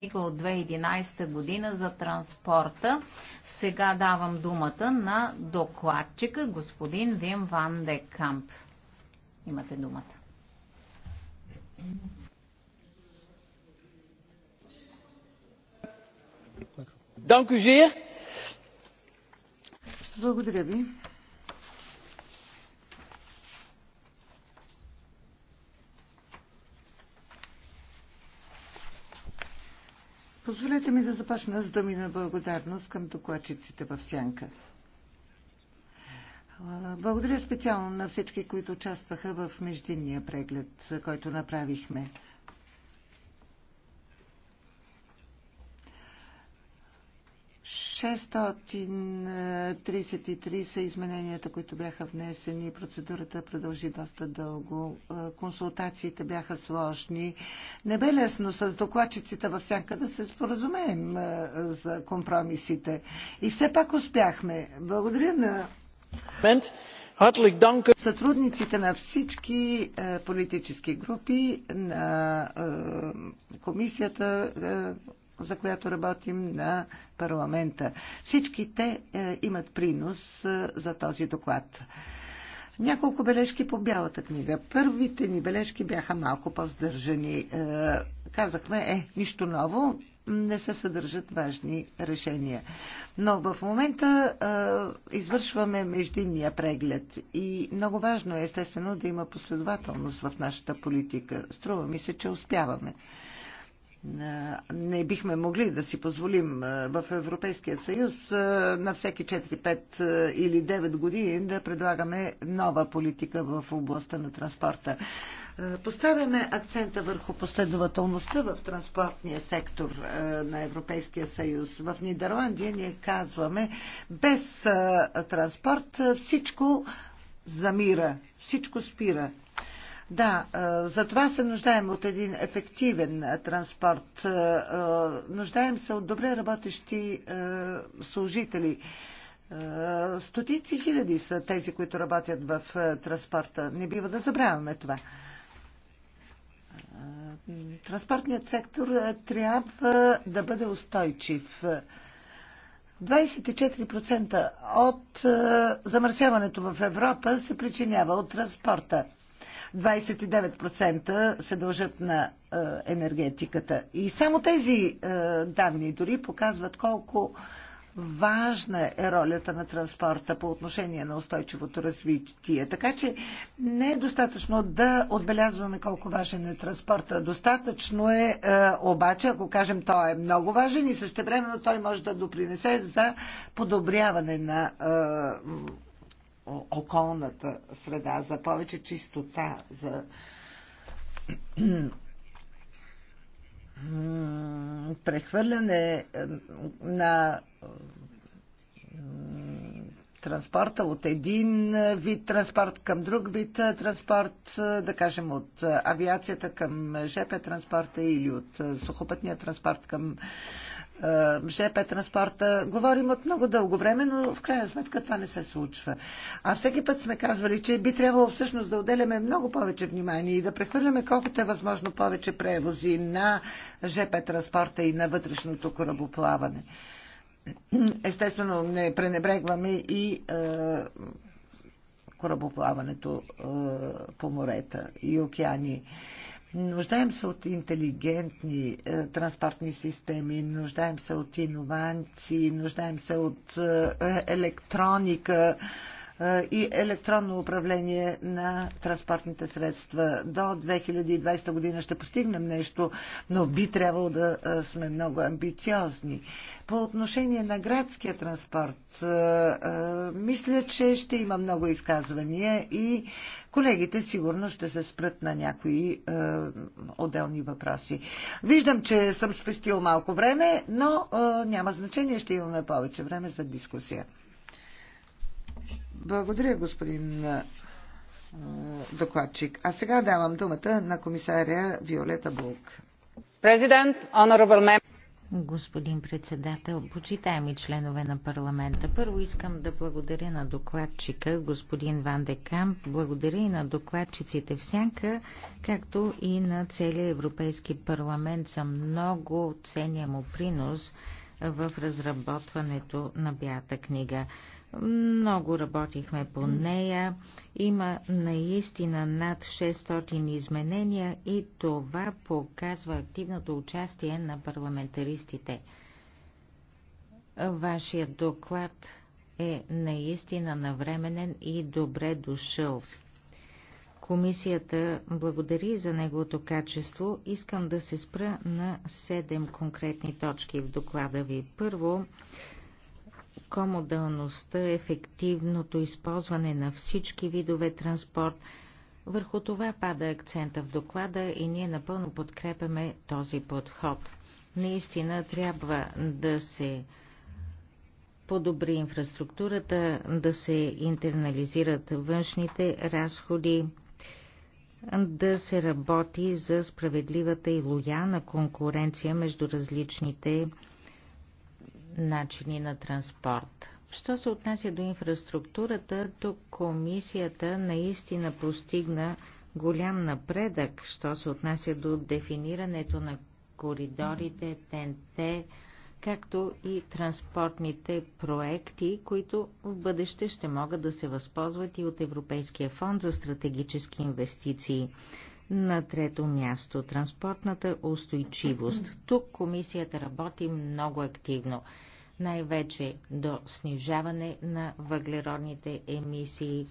книга от 2011 година за транспорта. Сега давам думата на докладчика господин Вим Ван де Камп. Имате думата. Благодаря ви. Позволете ми да започна с думи на благодарност към докладчиците в Сянка. Благодаря специално на всички, които участваха в междинния преглед, който направихме. 633 са измененията, които бяха внесени. Процедурата продължи доста дълго. Е, консултациите бяха сложни. Не бе лесно с докладчиците във всяка да се споразумеем е, за компромисите. И все пак успяхме. Благодаря на сътрудниците на всички е, политически групи, на комисията, за която работим на парламента. Всички те е, имат принос е, за този доклад. Няколко бележки по бялата книга. Първите ни бележки бяха малко по-здържани. Е, казахме, е, нищо ново, не се съдържат важни решения. Но в момента е, извършваме междинния преглед и много важно е естествено да има последователност в нашата политика. Струва ми се, че успяваме не бихме могли да си позволим в Европейския съюз на всеки 4, 5 или 9 години да предлагаме нова политика в областта на транспорта. Поставяме акцента върху последователността в транспортния сектор на Европейския съюз. В Нидерландия ние казваме без транспорт всичко замира, всичко спира. Да, за това се нуждаем от един ефективен транспорт. Нуждаем се от добре работещи служители. Стотици хиляди са тези, които работят в транспорта. Не бива да забравяме това. Транспортният сектор трябва да бъде устойчив. 24% от замърсяването в Европа се причинява от транспорта. 29% се дължат на е, енергетиката. И само тези е, данни дори показват колко важна е ролята на транспорта по отношение на устойчивото развитие. Така че не е достатъчно да отбелязваме колко важен е транспорта. Достатъчно е, е обаче, ако кажем, той е много важен и същевременно той може да допринесе за подобряване на е, околната среда, за повече чистота, за прехвърляне е, на транспорта от един вид транспорт към друг вид транспорт, е, да кажем от авиацията към ЖП транспорта или от е, сухопътния транспорт към е, ЖП транспорта. Говорим от много дълго време, но в крайна сметка това не се случва. А всеки път сме казвали, че би трябвало всъщност да отделяме много повече внимание и да прехвърляме колкото е възможно повече превози на ЖП транспорта и на вътрешното корабоплаване. Естествено, не пренебрегваме и е, корабоплаването е, по морета и океани. Нуждаем се от интелигентни е, транспортни системи, нуждаем се от иновации, нуждаем се от е, електроника. Е, и електронно управление на транспортните средства. До 2020 година ще постигнем нещо, но би трябвало да сме много амбициозни. По отношение на градския транспорт, мисля, че ще има много изказвания и колегите сигурно ще се спрат на някои отделни въпроси. Виждам, че съм спестил малко време, но няма значение, ще имаме повече време за дискусия. Благодаря, господин докладчик. А сега давам думата на комисаря Виолета Булк. Президент, honorable Господин председател, почитаеми членове на парламента, първо искам да благодаря на докладчика, господин Ван де Камп, благодаря и на докладчиците в Сянка, както и на целия Европейски парламент за много ценния му принос в разработването на бята книга. Много работихме по нея. Има наистина над 600 изменения и това показва активното участие на парламентаристите. Вашият доклад е наистина навременен и добре дошъл. Комисията благодари за неговото качество. Искам да се спра на 7 конкретни точки в доклада ви. Първо, комодалността, ефективното използване на всички видове транспорт. Върху това пада акцента в доклада и ние напълно подкрепяме този подход. Наистина трябва да се подобри инфраструктурата, да се интернализират външните разходи, да се работи за справедливата и лоялна конкуренция между различните начини на транспорт. Що се отнася до инфраструктурата, то комисията наистина постигна голям напредък, що се отнася до дефинирането на коридорите, ТНТ, както и транспортните проекти, които в бъдеще ще могат да се възползват и от Европейския фонд за стратегически инвестиции. На трето място – транспортната устойчивост. Тук комисията работи много активно – най-вече до снижаване на въглеродните емисии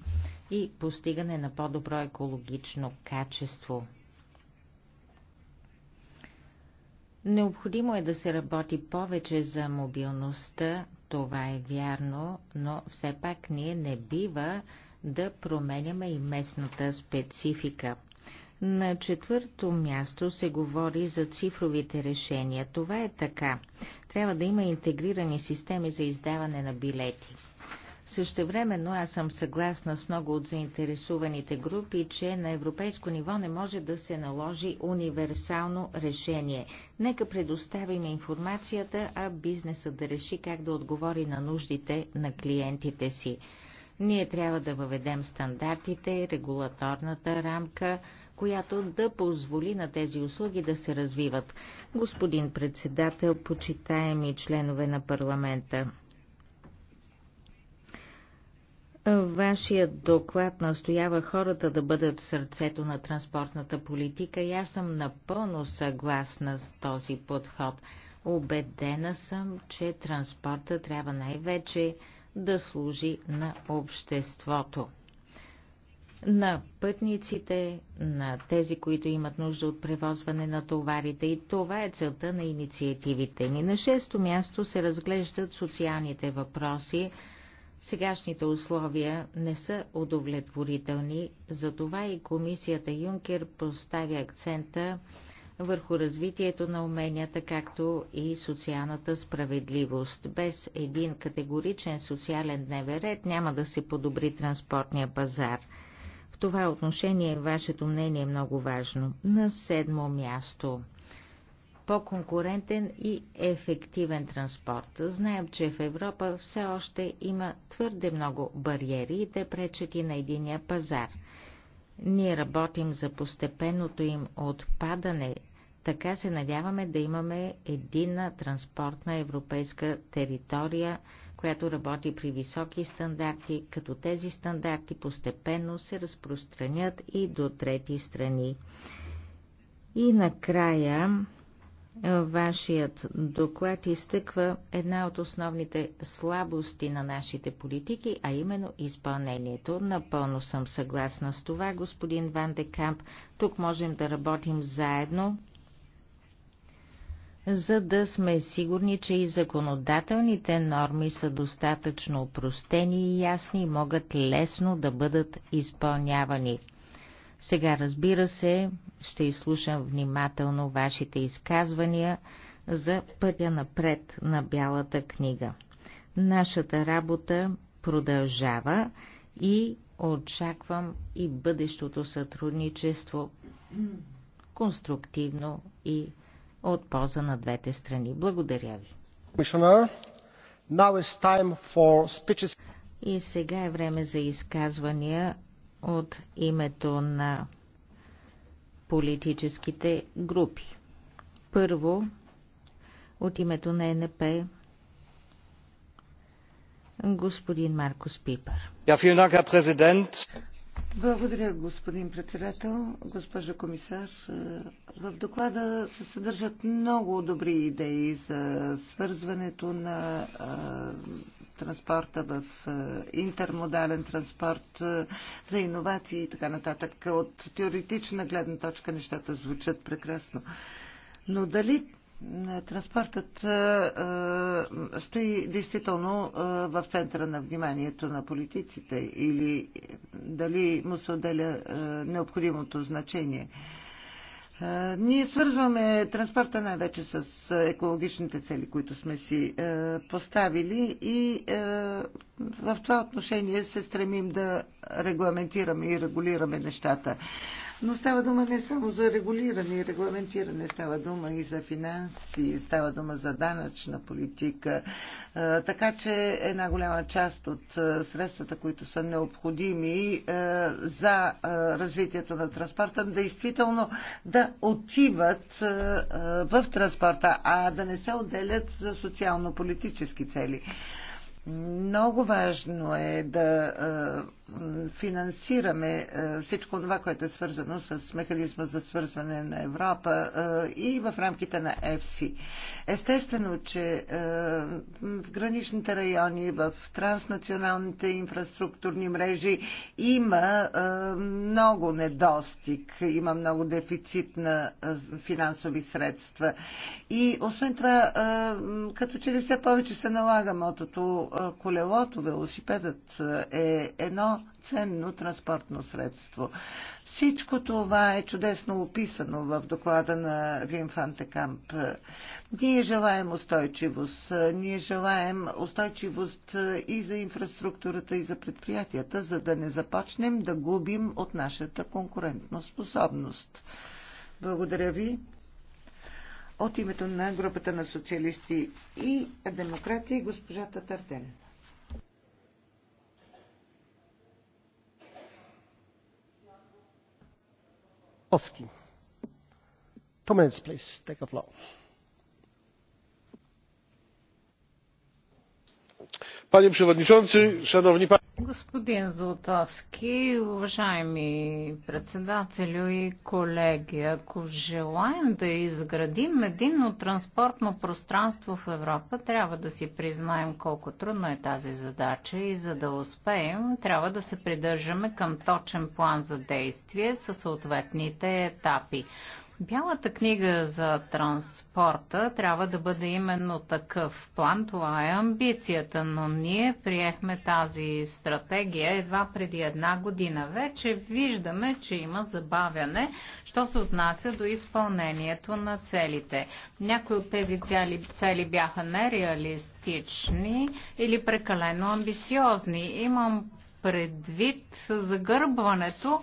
и постигане на по-добро екологично качество. Необходимо е да се работи повече за мобилността, това е вярно, но все пак ние не бива да променяме и местната специфика – на четвърто място се говори за цифровите решения. Това е така. Трябва да има интегрирани системи за издаване на билети. Също времено аз съм съгласна с много от заинтересуваните групи, че на европейско ниво не може да се наложи универсално решение. Нека предоставим информацията, а бизнесът да реши как да отговори на нуждите на клиентите си. Ние трябва да въведем стандартите, регулаторната рамка, която да позволи на тези услуги да се развиват. Господин председател, почитаеми членове на парламента. Вашият доклад настоява хората да бъдат в сърцето на транспортната политика и аз съм напълно съгласна с този подход. Обедена съм, че транспорта трябва най-вече да служи на обществото на пътниците, на тези, които имат нужда от превозване на товарите и това е целта на инициативите ни. На шесто място се разглеждат социалните въпроси. Сегашните условия не са удовлетворителни, затова и комисията Юнкер поставя акцента върху развитието на уменията, както и социалната справедливост. Без един категоричен социален дневен ред няма да се подобри транспортния пазар това отношение вашето мнение е много важно. На седмо място по-конкурентен и ефективен транспорт. Знаем, че в Европа все още има твърде много бариери и те пречат и на единия пазар. Ние работим за постепенното им отпадане. Така се надяваме да имаме единна транспортна европейска територия – която работи при високи стандарти, като тези стандарти постепенно се разпространят и до трети страни. И накрая е, Вашият доклад изтъква една от основните слабости на нашите политики, а именно изпълнението. Напълно съм съгласна с това, господин Ван де Камп. Тук можем да работим заедно за да сме сигурни, че и законодателните норми са достатъчно упростени и ясни и могат лесно да бъдат изпълнявани. Сега, разбира се, ще изслушам внимателно вашите изказвания за пътя напред на Бялата книга. Нашата работа продължава и очаквам и бъдещото сътрудничество конструктивно и от полза на двете страни. Благодаря ви. И сега е време за изказвания от името на политическите групи. Първо, от името на НП, господин Маркос Пипър. Ja, vielen Dank, Herr Präsident. Благодаря, господин председател, госпожо комисар. В доклада се съдържат много добри идеи за свързването на транспорта в интермодален транспорт, за иновации и така нататък. От теоретична гледна точка нещата звучат прекрасно. Но дали Транспортът стои действително в центъра на вниманието на политиците или дали му се отделя необходимото значение. Ние свързваме транспорта най-вече с екологичните цели, които сме си поставили и в това отношение се стремим да регламентираме и регулираме нещата. Но става дума не само за регулиране и регламентиране, става дума и за финанси, става дума за данъчна политика. Така че една голяма част от средствата, които са необходими за развитието на транспорта, действително да отиват в транспорта, а да не се отделят за социално-политически цели. Много важно е да финансираме е, всичко това, което е свързано с механизма за свързване на Европа е, и в рамките на ЕФСИ. Естествено, че е, в граничните райони, в транснационалните инфраструктурни мрежи има много недостиг, има много дефицит на финансови средства. И освен това, като че ли все повече се налага мотото колелото, велосипедът е едно ценно транспортно средство. Всичко това е чудесно описано в доклада на Винфанте Фантекамп. Ние желаем устойчивост. Ние желаем устойчивост и за инфраструктурата, и за предприятията, за да не започнем да губим от нашата конкурентна способност. Благодаря ви. От името на групата на социалисти и демократи, госпожата Тартен. Oski. Two minutes, please. Take a floor. Panie przewodniczący, szanowni państwo. Господин Златовски, уважаеми председателю и колеги, ако желаем да изградим единно транспортно пространство в Европа, трябва да си признаем колко трудна е тази задача и за да успеем, трябва да се придържаме към точен план за действие със съответните етапи. Бялата книга за транспорта трябва да бъде именно такъв план. Това е амбицията, но ние приехме тази стратегия едва преди една година. Вече виждаме, че има забавяне, що се отнася до изпълнението на целите. Някои от тези цели, цели бяха нереалистични или прекалено амбициозни. Имам предвид загърбването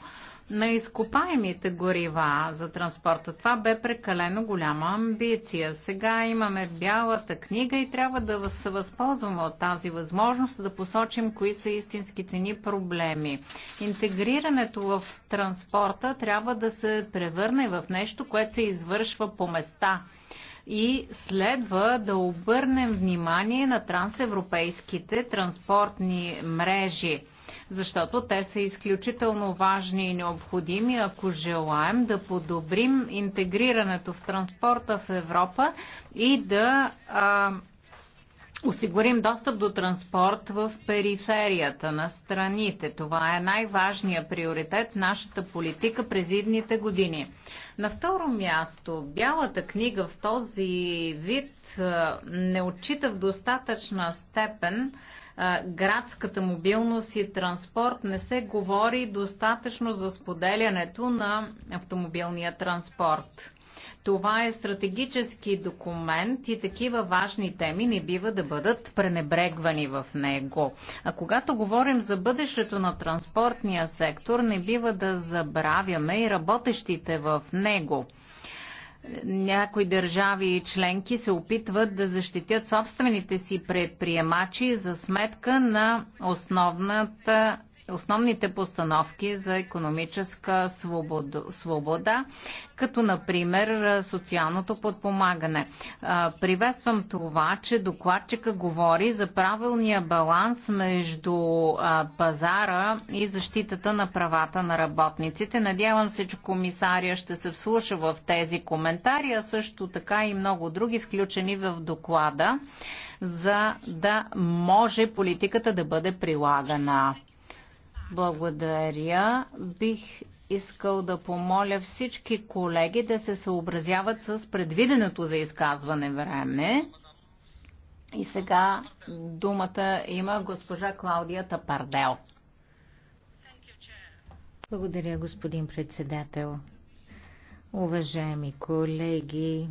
на изкопаемите горива за транспорта. Това бе прекалено голяма амбиция. Сега имаме бялата книга и трябва да се възползваме от тази възможност да посочим кои са истинските ни проблеми. Интегрирането в транспорта трябва да се превърне в нещо, което се извършва по места и следва да обърнем внимание на трансевропейските транспортни мрежи защото те са изключително важни и необходими, ако желаем да подобрим интегрирането в транспорта в Европа и да а, осигурим достъп до транспорт в периферията на страните. Това е най-важният приоритет в нашата политика през идните години. На второ място, Бялата книга в този вид не отчита в достатъчна степен градската мобилност и транспорт не се говори достатъчно за споделянето на автомобилния транспорт. Това е стратегически документ и такива важни теми не бива да бъдат пренебрегвани в него. А когато говорим за бъдещето на транспортния сектор, не бива да забравяме и работещите в него някои държави и членки се опитват да защитят собствените си предприемачи за сметка на основната основните постановки за економическа свобода, свобода като например социалното подпомагане. Приветствам това, че докладчика говори за правилния баланс между пазара и защитата на правата на работниците. Надявам се, че комисария ще се вслуша в тези коментари, а също така и много други включени в доклада, за да може политиката да бъде прилагана. Благодаря. Бих искал да помоля всички колеги да се съобразяват с предвиденото за изказване време. И сега думата има госпожа Клаудия Тапардел. Благодаря, господин председател. Уважаеми колеги,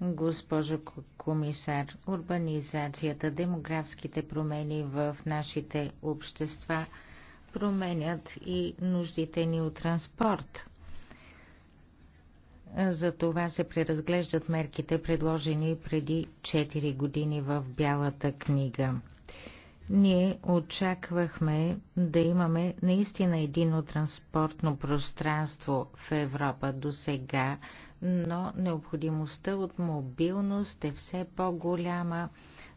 госпожо комисар, урбанизацията, демографските промени в нашите общества – променят и нуждите ни от транспорт. За това се преразглеждат мерките, предложени преди 4 години в Бялата книга. Ние очаквахме да имаме наистина едино транспортно пространство в Европа до сега, но необходимостта от мобилност е все по-голяма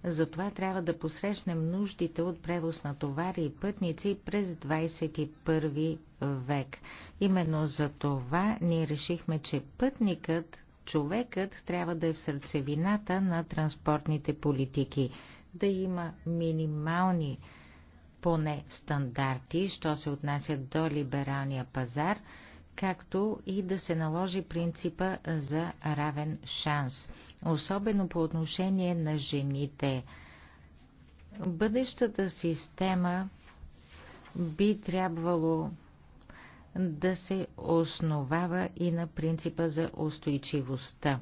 затова трябва да посрещнем нуждите от превоз на товари и пътници през 21 век. Именно за това ние решихме, че пътникът, човекът трябва да е в сърцевината на транспортните политики, да има минимални поне стандарти, що се отнася до либералния пазар, както и да се наложи принципа за равен шанс особено по отношение на жените. Бъдещата система би трябвало да се основава и на принципа за устойчивостта.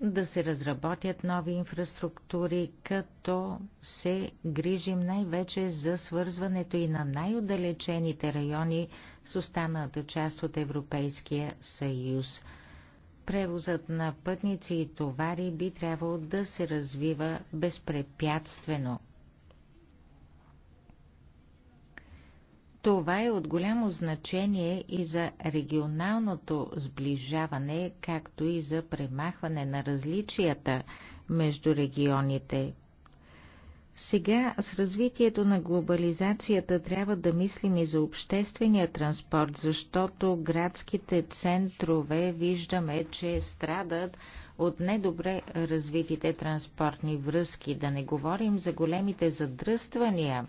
Да се разработят нови инфраструктури, като се грижим най-вече за свързването и на най-отдалечените райони с останалата част от Европейския съюз – превозът на пътници и товари би трябвало да се развива безпрепятствено. Това е от голямо значение и за регионалното сближаване, както и за премахване на различията между регионите. Сега с развитието на глобализацията трябва да мислим и за обществения транспорт, защото градските центрове виждаме, че страдат от недобре развитите транспортни връзки. Да не говорим за големите задръствания.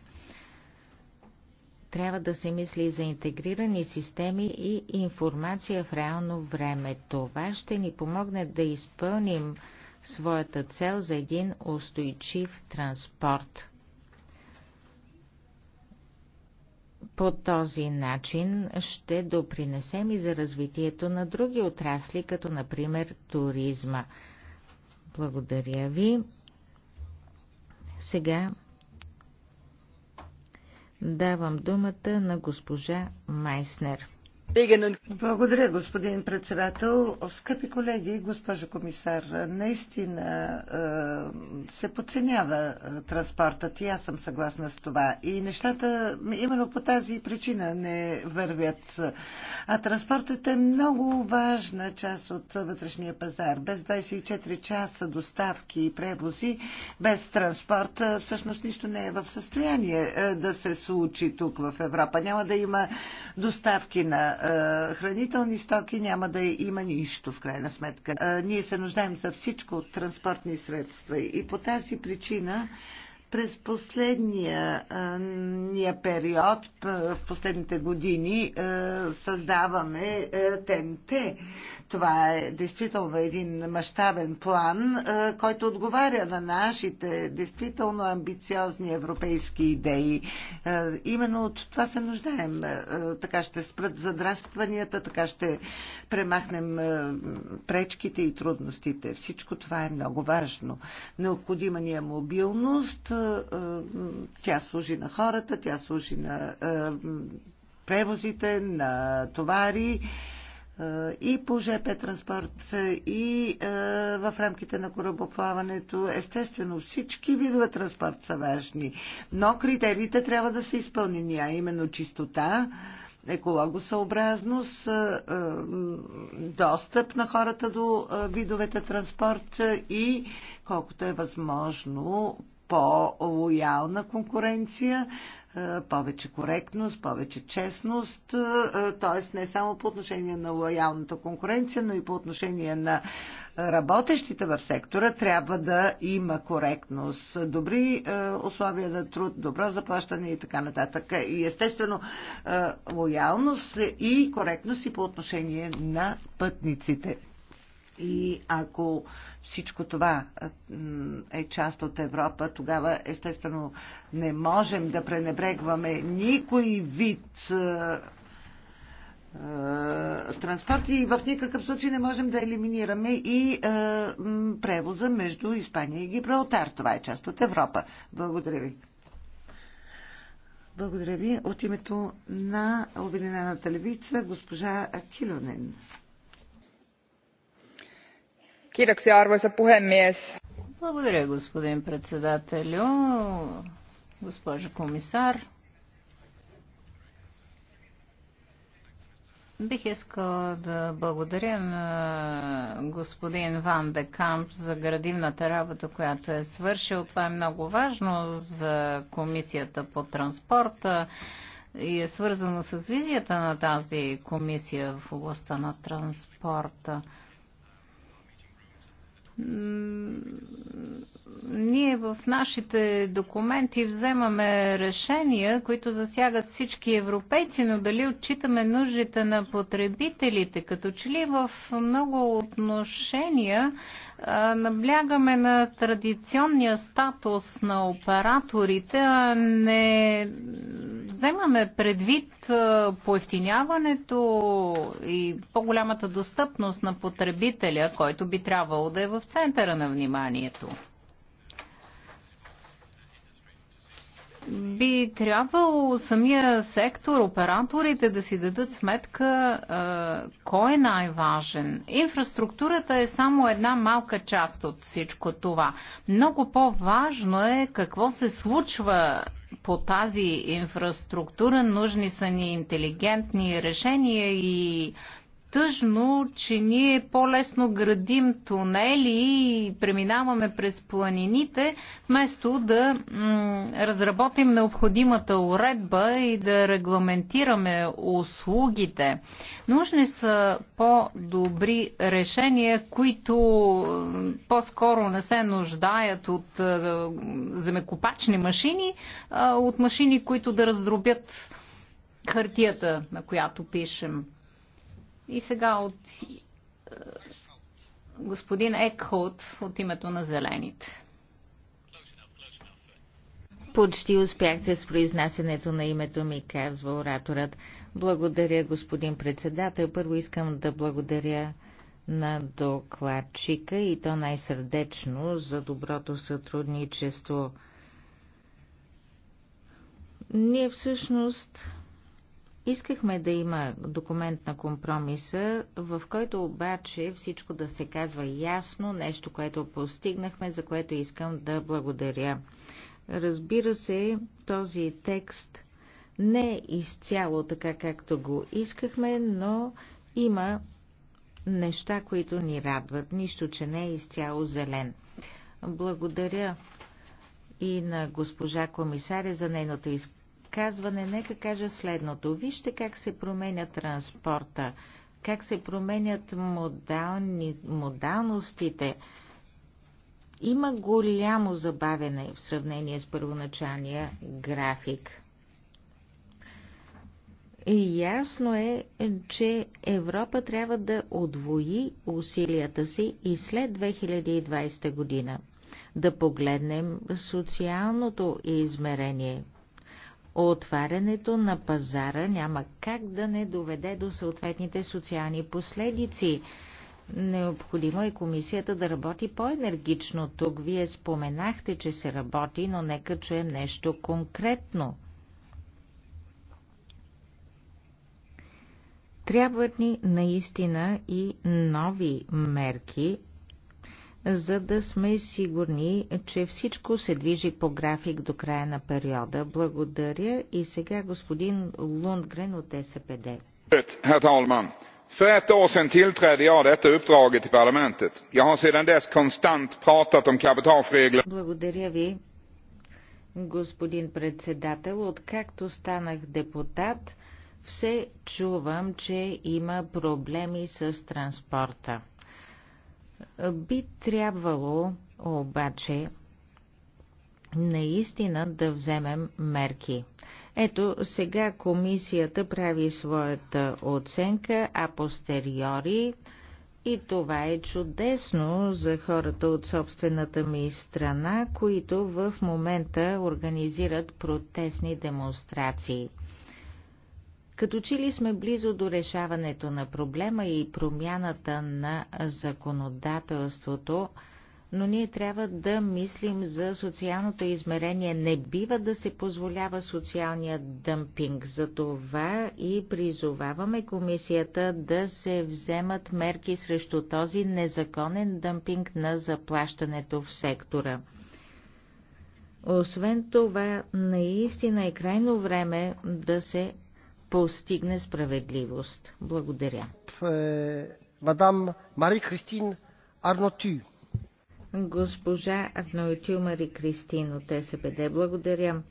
Трябва да се мисли за интегрирани системи и информация в реално време. Това ще ни помогне да изпълним своята цел за един устойчив транспорт. По този начин ще допринесем и за развитието на други отрасли, като например туризма. Благодаря ви. Сега давам думата на госпожа Майснер. Благодаря, господин председател. Скъпи колеги, госпожо комисар, наистина е, се подценява е, транспортът и аз съм съгласна с това. И нещата именно по тази причина не вървят. А транспортът е много важна част от вътрешния пазар. Без 24 часа доставки и превози, без транспорт, е, всъщност нищо не е в състояние да се случи тук в Европа. Няма да има доставки на е, хранителни стоки няма да има нищо в крайна сметка. Е, ние се нуждаем за всичко от транспортни средства и по тази причина през последния ния период, в последните години, създаваме ТНТ. Това е действително един мащабен план, който отговаря на нашите действително амбициозни европейски идеи. Именно от това се нуждаем. Така ще спрат задрастванията, така ще премахнем пречките и трудностите. Всичко това е много важно. Необходима ни е мобилност, тя служи на хората, тя служи на превозите, на товари и по ЖП транспорт, и в рамките на корабоплаването. Естествено, всички видове транспорт са важни, но критериите трябва да са изпълнени, а именно чистота, екологосъобразност, достъп на хората до видовете транспорт и колкото е възможно по-лоялна конкуренция, е, повече коректност, повече честност, е, т.е. не само по отношение на лоялната конкуренция, но и по отношение на работещите в сектора трябва да има коректност, добри е, условия на труд, добро заплащане и така нататък. И естествено лоялност и коректност и по отношение на пътниците. И ако всичко това е част от Европа, тогава естествено не можем да пренебрегваме никой вид транспорт и в никакъв случай не можем да елиминираме и е, превоза между Испания и Гибралтар. Това е част от Европа. Благодаря ви. Благодаря ви. От името на Обединената левица госпожа Килонен arvoisa puhemies. Благодаря, господин председателю. Госпожа комисар. Бих искала да благодаря на господин Ван де Камп за градивната работа, която е свършил. Това е много важно за Комисията по транспорта и е свързано с визията на тази комисия в областта на транспорта ние в нашите документи вземаме решения, които засягат всички европейци, но дали отчитаме нуждите на потребителите? Като че ли в много отношения наблягаме на традиционния статус на операторите, а не вземаме предвид поевтиняването и по-голямата достъпност на потребителя, който би трябвало да е в в центъра на вниманието. би трябвало самия сектор, операторите да си дадат сметка е, кой е най-важен. Инфраструктурата е само една малка част от всичко това. Много по-важно е какво се случва по тази инфраструктура. Нужни са ни интелигентни решения и тъжно, че ние по-лесно градим тунели и преминаваме през планините, вместо да разработим необходимата уредба и да регламентираме услугите. Нужни са по-добри решения, които по-скоро не се нуждаят от земекопачни машини, а от машини, които да раздробят хартията, на която пишем. И сега от е, господин Екхот от името на Зелените. Почти успяхте с произнасянето на името ми, казва ораторът. Благодаря, господин председател. Първо искам да благодаря на докладчика и то най-сърдечно за доброто сътрудничество. Ние всъщност Искахме да има документ на компромиса, в който обаче всичко да се казва ясно, нещо, което постигнахме, за което искам да благодаря. Разбира се, този текст не е изцяло така, както го искахме, но има неща, които ни радват. Нищо, че не е изцяло зелен. Благодаря и на госпожа комисаря за нейното изказване изказване, нека кажа следното. Вижте как се променя транспорта, как се променят модални, модалностите. Има голямо забавене в сравнение с първоначалния график. И Ясно е, че Европа трябва да отвои усилията си и след 2020 година. Да погледнем социалното измерение – Отварянето на пазара няма как да не доведе до съответните социални последици. Необходимо е комисията да работи по-енергично. Тук вие споменахте, че се работи, но нека чуем нещо конкретно. Трябват ни наистина и нови мерки за да сме сигурни, че всичко се движи по график до края на периода. Благодаря и сега господин Лундгрен от СПД. För ett år sedan tillträdde jag detta till parlamentet. Jag har sedan dess konstant pratat om Благодаря ви, господин председател. Откакто станах депутат, все чувам, че има проблеми с транспорта. Би трябвало обаче наистина да вземем мерки. Ето сега комисията прави своята оценка, а постериори и това е чудесно за хората от собствената ми страна, които в момента организират протестни демонстрации. Като че ли сме близо до решаването на проблема и промяната на законодателството, но ние трябва да мислим за социалното измерение. Не бива да се позволява социалния дъмпинг. За това и призоваваме комисията да се вземат мерки срещу този незаконен дъмпинг на заплащането в сектора. Освен това, наистина е крайно време да се постигне справедливост. Благодаря. Е, мадам Мари Кристин Арноти. Госпожа Арноти Мари Кристин от СПД. Благодаря.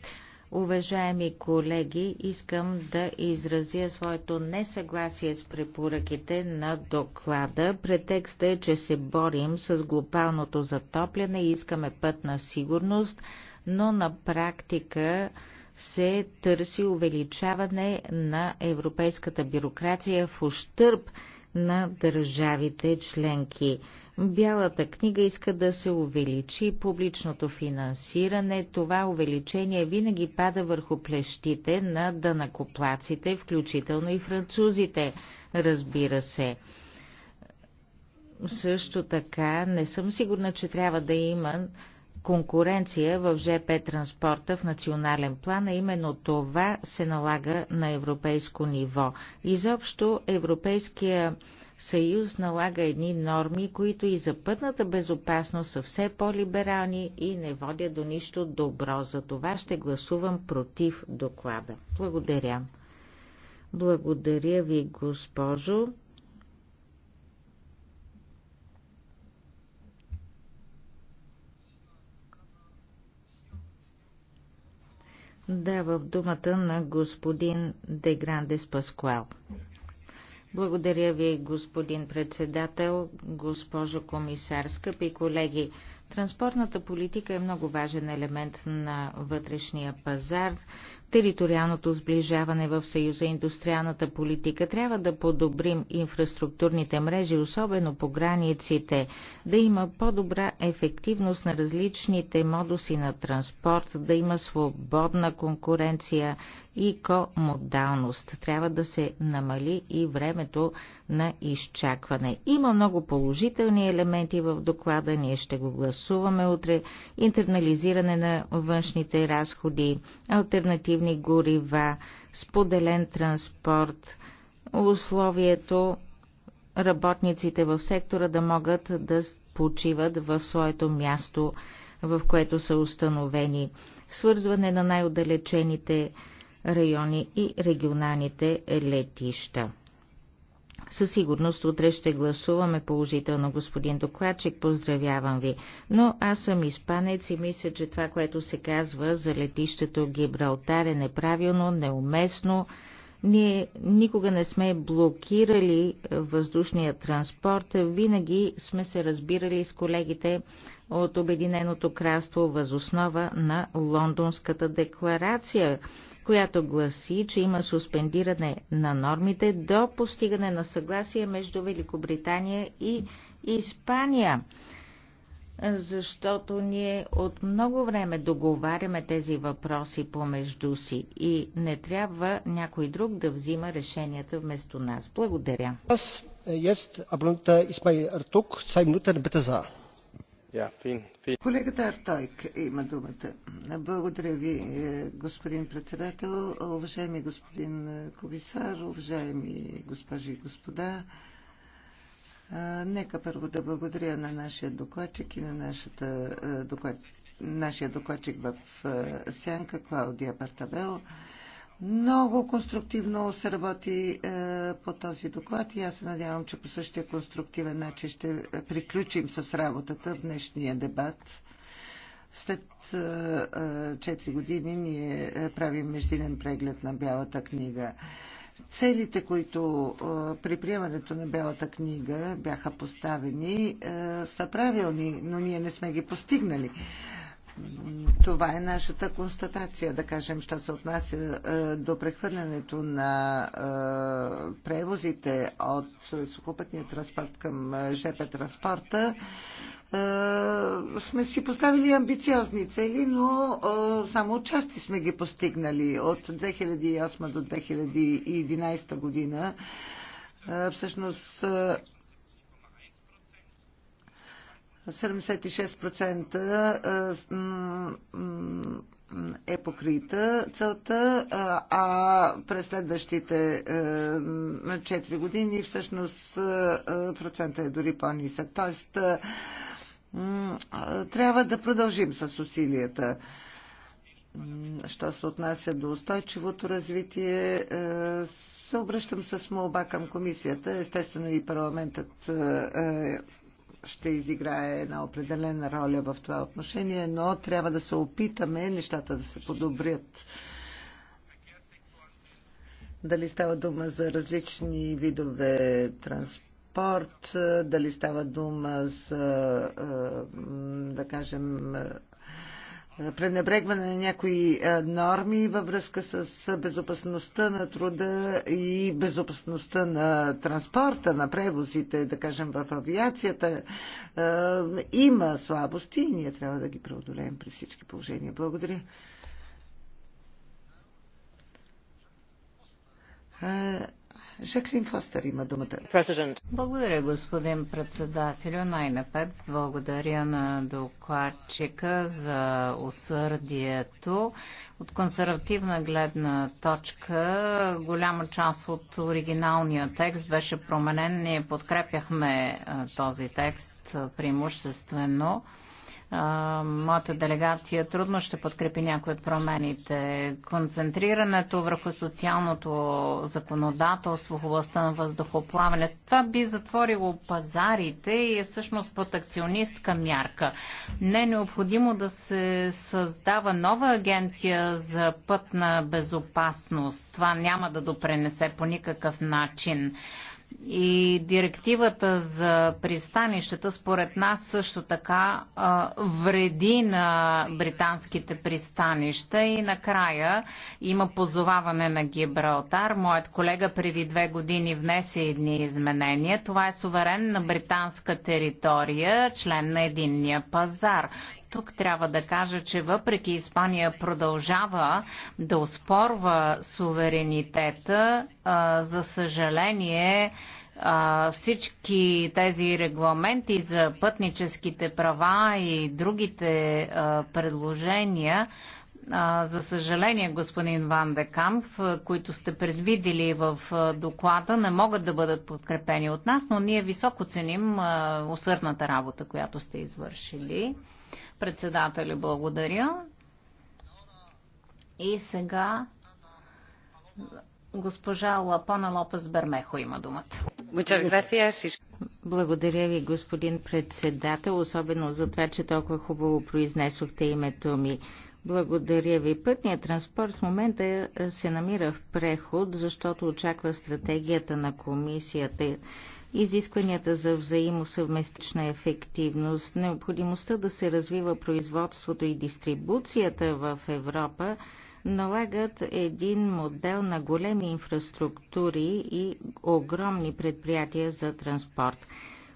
Уважаеми колеги, искам да изразя своето несъгласие с препоръките на доклада. Претекстът е, че се борим с глобалното затопляне и искаме път на сигурност, но на практика се търси увеличаване на европейската бюрокрация в ущърп на държавите членки. Бялата книга иска да се увеличи публичното финансиране. Това увеличение винаги пада върху плещите на данакоплаците, включително и французите, разбира се. Също така не съм сигурна, че трябва да има конкуренция в ЖП транспорта в национален план, а именно това се налага на европейско ниво. Изобщо Европейския съюз налага едни норми, които и за пътната безопасност са все по-либерални и не водят до нищо добро. За това ще гласувам против доклада. Благодаря. Благодаря ви, госпожо. Да, в думата на господин Деграндес Паскуал. Благодаря ви, господин председател, госпожо комисар, скъпи колеги. Транспортната политика е много важен елемент на вътрешния пазар териториалното сближаване в Съюза, индустриалната политика. Трябва да подобрим инфраструктурните мрежи, особено по границите, да има по-добра ефективност на различните модуси на транспорт, да има свободна конкуренция и комодалност. Трябва да се намали и времето на изчакване. Има много положителни елементи в доклада, ние ще го гласуваме утре. Интернализиране на външните разходи, альтернативни ефтини горива, споделен транспорт, условието работниците в сектора да могат да почиват в своето място, в което са установени, свързване на най-отдалечените райони и регионалните летища. Със сигурност утре ще гласуваме положително, господин докладчик, поздравявам ви. Но аз съм испанец и мисля, че това, което се казва за летището Гибралтар е неправилно, неуместно. Ние никога не сме блокирали въздушния транспорт, винаги сме се разбирали с колегите от Обединеното кралство възоснова на Лондонската декларация която гласи, че има суспендиране на нормите до постигане на съгласие между Великобритания и Испания. Защото ние от много време договаряме тези въпроси помежду си и не трябва някой друг да взима решенията вместо нас. Благодаря. Аз е, Артук, минути, Колегата Артойк има думата. Благодаря ви, е, господин председател, уважаеми господин е, комисар, уважаеми госпожи и господа. Е, нека първо да благодаря на нашия докладчик и на нашата доклад... нашия докладчик в Сянка, Клаудия Партабел. Много конструктивно се работи е, по този доклад и аз се надявам, че по същия конструктивен начин ще приключим с работата в днешния дебат. След е, е, 4 години ние е, правим междинен преглед на Бялата книга. Целите, които е, при приемането на Бялата книга бяха поставени, е, са правилни, но ние не сме ги постигнали. Е, това е нашата констатация, да кажем, що се отнася е, до прехвърлянето на е, превозите от сухопътния транспорт към е, ЖП транспорта. Сме си поставили амбициозни цели, но само отчасти сме ги постигнали от 2008 до 2011 година. Всъщност 76% е покрита целта, а през следващите 4 години всъщност процента е дори по-нисък. Тоест, трябва да продължим с усилията. Що се отнася до устойчивото развитие, се обръщам с молба към комисията. Естествено и парламентът е ще изиграе една определена роля в това отношение, но трябва да се опитаме нещата да се подобрят. Дали става дума за различни видове транспорт, дали става дума за, е, да кажем, е, пренебрегване на някои е, норми във връзка с е, безопасността на труда и безопасността на транспорта, на превозите, да кажем в авиацията. Има слабости и ние трябва да ги преодолеем при всички положения. Благодаря. Жаклин Фостер има думата. President. Благодаря, господин председателю. Най-напред благодаря на докладчика за усърдието. От консервативна гледна точка, голяма част от оригиналния текст беше променен. Ние подкрепяхме този текст преимуществено моята делегация трудно ще подкрепи някои от промените. Концентрирането върху социалното законодателство в областта на въздухоплаването, това би затворило пазарите и е всъщност протекционистка мярка. Не е необходимо да се създава нова агенция за пътна безопасност. Това няма да допренесе по никакъв начин. И директивата за пристанищата според нас също така вреди на британските пристанища и накрая има позоваване на Гибралтар. Моят колега преди две години внесе едни изменения. Това е суверен на британска територия, член на единния пазар. Тук трябва да кажа, че въпреки Испания продължава да успорва суверенитета, за съжаление всички тези регламенти за пътническите права и другите предложения за съжаление, господин Ван де Камп, които сте предвидели в доклада, не могат да бъдат подкрепени от нас, но ние високо ценим усърдната работа, която сте извършили. Председателю, благодаря. И сега госпожа Лапона Лопес Бермехо има думата. Благодаря ви, господин председател, особено за това, че толкова хубаво произнесохте името ми. Благодаря ви. Пътният транспорт в момента се намира в преход, защото очаква стратегията на комисията изискванията за взаимосъвместична ефективност, необходимостта да се развива производството и дистрибуцията в Европа налагат един модел на големи инфраструктури и огромни предприятия за транспорт.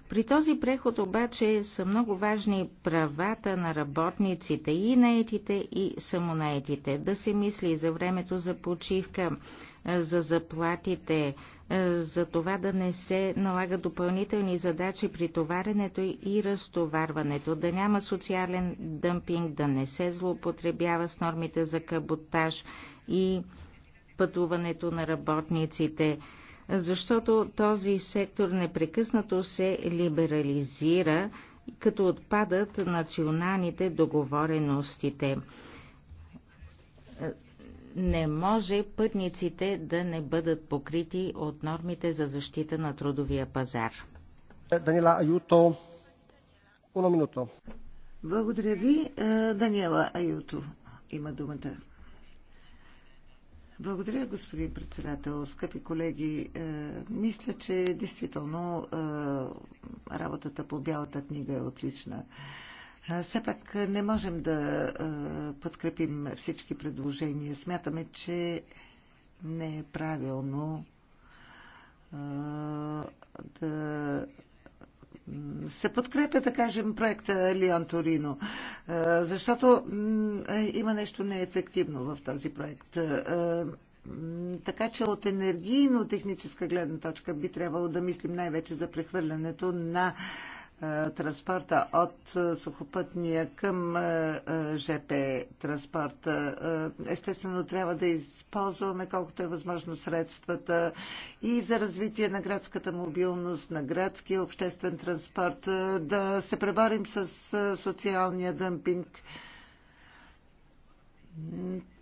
При този преход обаче са много важни правата на работниците и наетите и самонаетите. Да се мисли за времето за почивка, за заплатите, е, за това да не се налагат допълнителни задачи при товаренето и разтоварването, да няма социален дъмпинг, да не се злоупотребява с нормите за каботаж и пътуването на работниците, защото този сектор непрекъснато се либерализира, като отпадат националните договореностите. Не може пътниците да не бъдат покрити от нормите за защита на трудовия пазар. Данила Аюто, una минуто. Благодаря ви. Е, Даниела Аюто има думата. Благодаря, господин председател. Скъпи колеги, е, мисля, че действително е, работата по Бялата книга е отлична. Все пак не можем да подкрепим всички предложения. Смятаме, че не е правилно да се подкрепя, да кажем, проекта Лион Торино, защото е, има нещо неефективно в този проект. Така че от енергийно-техническа гледна точка би трябвало да мислим най-вече за прехвърлянето на е, транспорта от е, сухопътния към е, ЖП транспорта. Естествено, трябва да използваме колкото е възможно средствата и за развитие на градската мобилност, на градския обществен транспорт, да се преборим с социалния дъмпинг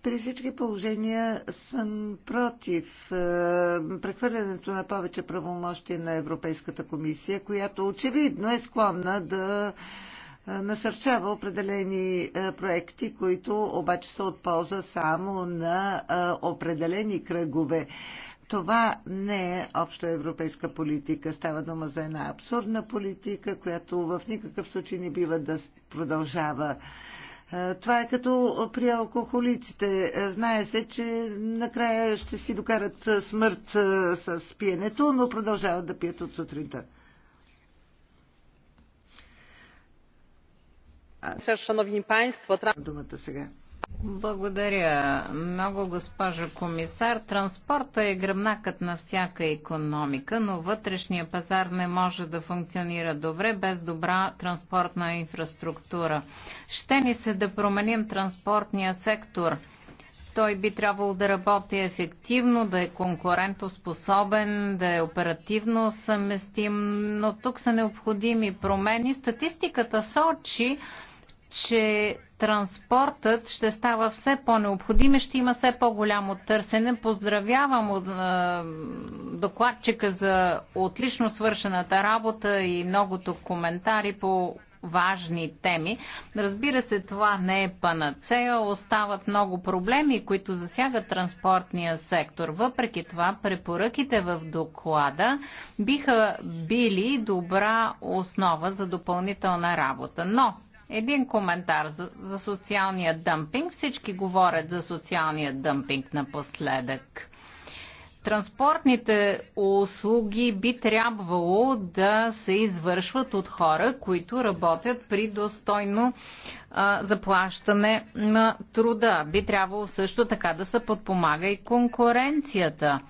при всички положения съм против е, прехвърлянето на повече правомощи на Европейската комисия, която очевидно е склонна да е, насърчава определени е, проекти, които обаче са от полза само на определени кръгове. Това не е общо европейска политика. Става дума за една абсурдна политика, която в никакъв случай не бива да продължава. Е, това е като при алкохолиците. Е, знае се, че накрая ще си докарат е, смърт с пиенето, но продължават да пият от сутринта. Думата сега. Благодаря много, госпожо комисар. Транспорта е гръбнакът на всяка економика, но вътрешния пазар не може да функционира добре без добра транспортна инфраструктура. Ще ни се да променим транспортния сектор. Той би трябвало да работи ефективно, да е конкурентоспособен, да е оперативно съместим, но тук са необходими промени. Статистиката сочи, че транспортът ще става все по-необходим и ще има все по-голямо търсене. Поздравявам от, е, докладчика за отлично свършената работа и многото коментари по важни теми. Разбира се, това не е панацея, остават много проблеми, които засягат транспортния сектор. Въпреки това, препоръките в доклада биха били добра основа за допълнителна работа. Но един коментар за, за социалния дъмпинг. Всички говорят за социалния дъмпинг напоследък. Транспортните услуги би трябвало да се извършват от хора, които работят при достойно а, заплащане на труда. Би трябвало също така да се подпомага и конкуренцията.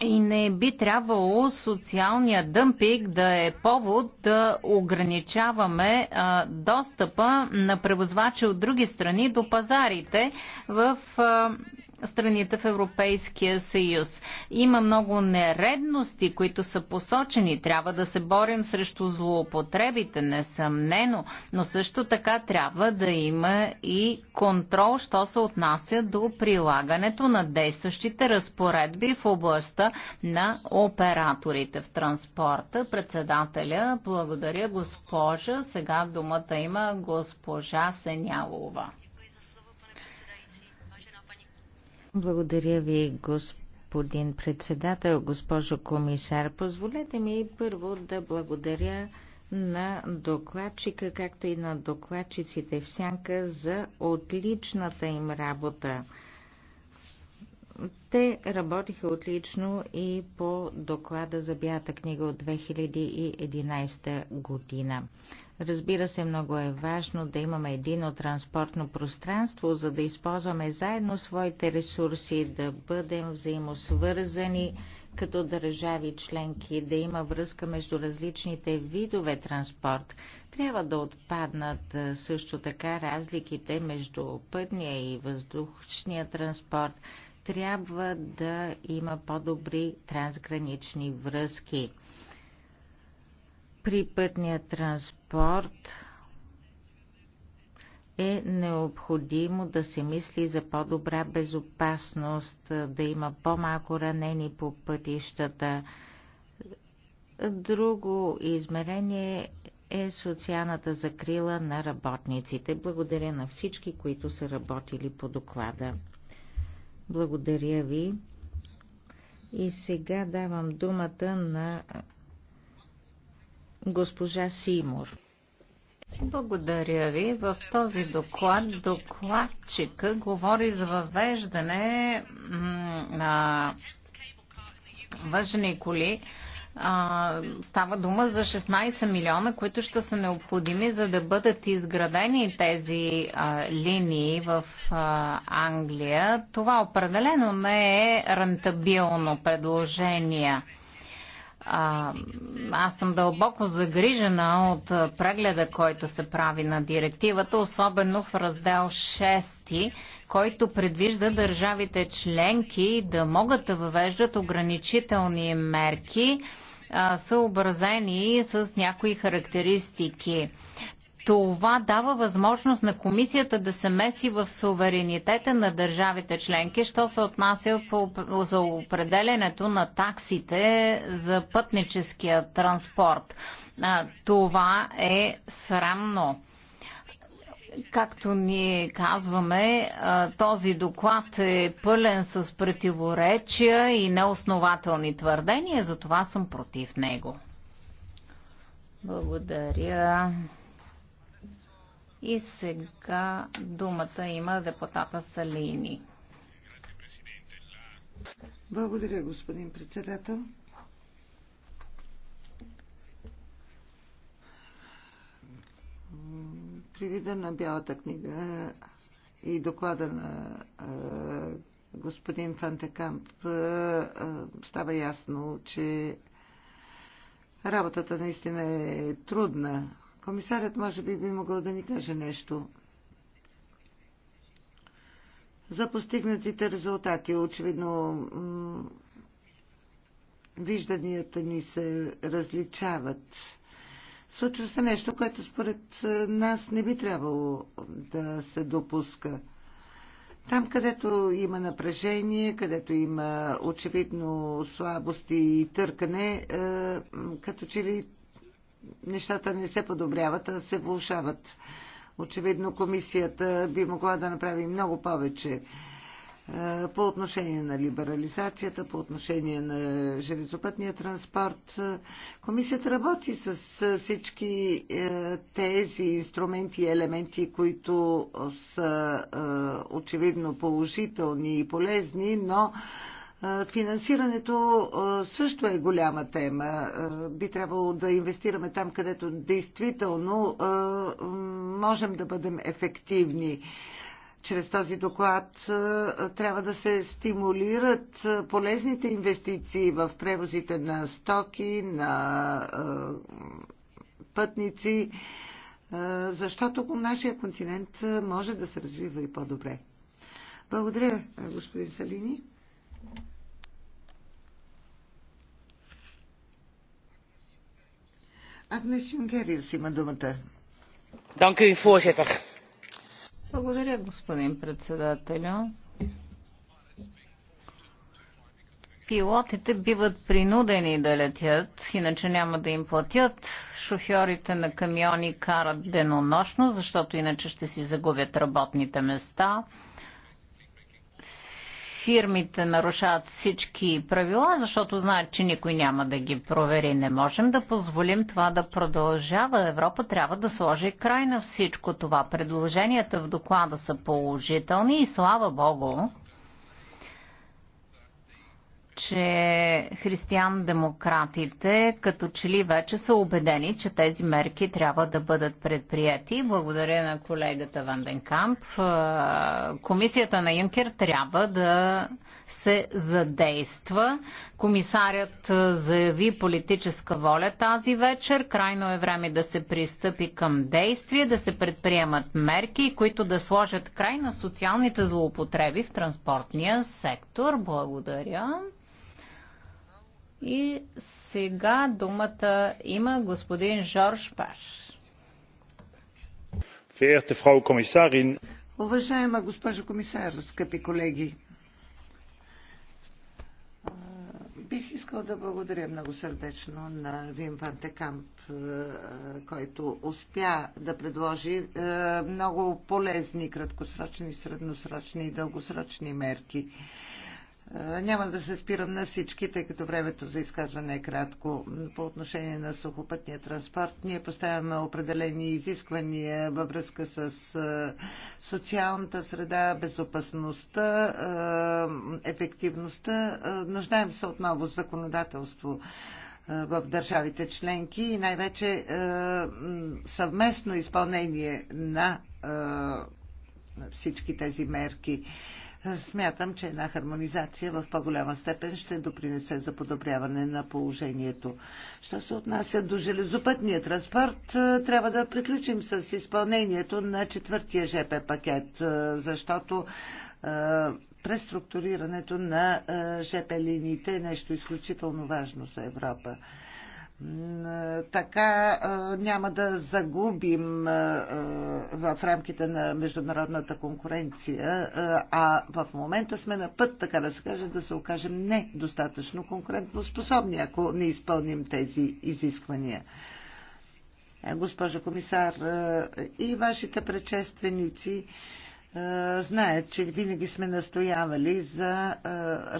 И не би трябвало социалния дъмпинг да е повод да ограничаваме а, достъпа на превозвачи от други страни до пазарите в а, страните в Европейския съюз. Има много нередности, които са посочени. Трябва да се борим срещу злоупотребите, несъмнено, но също така трябва да има и контрол, що се отнася до прилагането на действащите разпоредби в областта на операторите в транспорта. Председателя, благодаря госпожа. Сега думата има госпожа Сенялова. Благодаря ви, господин председател, госпожо комисар. Позволете ми първо да благодаря на докладчика, както и на докладчиците в сянка за отличната им работа. Те работиха отлично и по доклада за бята книга от 2011 година. Разбира се, много е важно да имаме едино транспортно пространство, за да използваме заедно своите ресурси, да бъдем взаимосвързани като държави членки, да има връзка между различните видове транспорт. Трябва да отпаднат също така разликите между пътния и въздушния транспорт, трябва да има по-добри трансгранични връзки. При пътния транспорт е необходимо да се мисли за по-добра безопасност, да има по-малко ранени по пътищата. Друго измерение е социалната закрила на работниците. Благодаря на всички, които са работили по доклада. Благодаря ви. И сега давам думата на госпожа Симур. Благодаря ви. В този доклад докладчика говори за въвеждане на въжени коли а, става дума за 16 милиона, които ще са необходими, за да бъдат изградени тези а, линии в а, Англия. Това определено не е рентабилно предложение. А, аз съм дълбоко загрижена от прегледа, който се прави на директивата, особено в раздел 6, който предвижда държавите членки да могат да въвеждат ограничителни мерки съобразени с някои характеристики. Това дава възможност на комисията да се меси в суверенитета на държавите членки, що се отнася по, за определенето на таксите за пътническия транспорт. Това е срамно. Както ние казваме, този доклад е пълен с противоречия и неоснователни твърдения, затова съм против него. Благодаря. И сега думата има депутата Салини. Благодаря, господин председател. Mm при вида на Бялата книга и доклада на господин Фантекамп става ясно, че работата наистина е трудна. Комисарят може би би могъл да ни каже нещо за постигнатите резултати. Очевидно вижданията ни се различават. Случва се нещо, което според е, нас не би трябвало да се допуска. Там, където има напрежение, където има очевидно слабости и търкане, е, като че ли нещата не се подобряват, а се влушават. Очевидно комисията би могла да направи много повече. Е, по отношение на либерализацията, по отношение на железопътния транспорт. Е, комисията работи с всички е, тези инструменти и елементи, които са очевидно положителни и полезни, но Финансирането също е голяма тема. Би трябвало да инвестираме там, където действително можем да бъдем ефективни чрез този доклад трябва да се стимулират полезните инвестиции в превозите на стоки, на пътници, защото нашия континент може да се развива и по-добре. Благодаря, господин Салини. Агнес Юнгериус има думата. Dank u, voorzitter. Благодаря, господин председателю. Пилотите биват принудени да летят, иначе няма да им платят. Шофьорите на камиони карат денонощно, защото иначе ще си загубят работните места фирмите нарушават всички правила, защото знаят, че никой няма да ги провери. Не можем да позволим това да продължава. Европа трябва да сложи край на всичко това. Предложенията в доклада са положителни и слава Богу че християн-демократите като че ли вече са убедени, че тези мерки трябва да бъдат предприяти. Благодаря на колегата Ванденкамп. Е, комисията на Юнкер трябва да се задейства. Комисарят е, заяви политическа воля тази вечер. Крайно е време да се пристъпи към действие, да се предприемат мерки, които да сложат край на социалните злоупотреби в транспортния сектор. Благодаря. И сега думата има господин Жорж Паш. Верте, фрау комисарин. Уважаема госпожо комисар, скъпи колеги, бих искал да благодаря много сърдечно на Вим Вантекамп, е, който успя да предложи е, много полезни краткосрочни, средносрочни и дългосрочни мерки. Е, няма да се спирам на всички, тъй като времето за изказване е кратко. По отношение на сухопътния транспорт, ние поставяме определени изисквания във връзка с е, социалната среда, безопасността, е, ефективността. Нуждаем се отново законодателство в държавите членки и най-вече съвместно изпълнение на всички тези мерки. Смятам, че една хармонизация в по-голяма степен ще допринесе за подобряване на положението. Що се отнася до железопътния транспорт, е, трябва да приключим с изпълнението на четвъртия ЖП пакет, е, защото е, преструктурирането на ЖП линиите е нещо изключително важно за Европа. Така няма да загубим в рамките на международната конкуренция, а в момента сме на път, така да се каже, да се окажем недостатъчно конкурентно способни, ако не изпълним тези изисквания. Госпожо комисар, и вашите предшественици е, знаят, че винаги сме настоявали за е,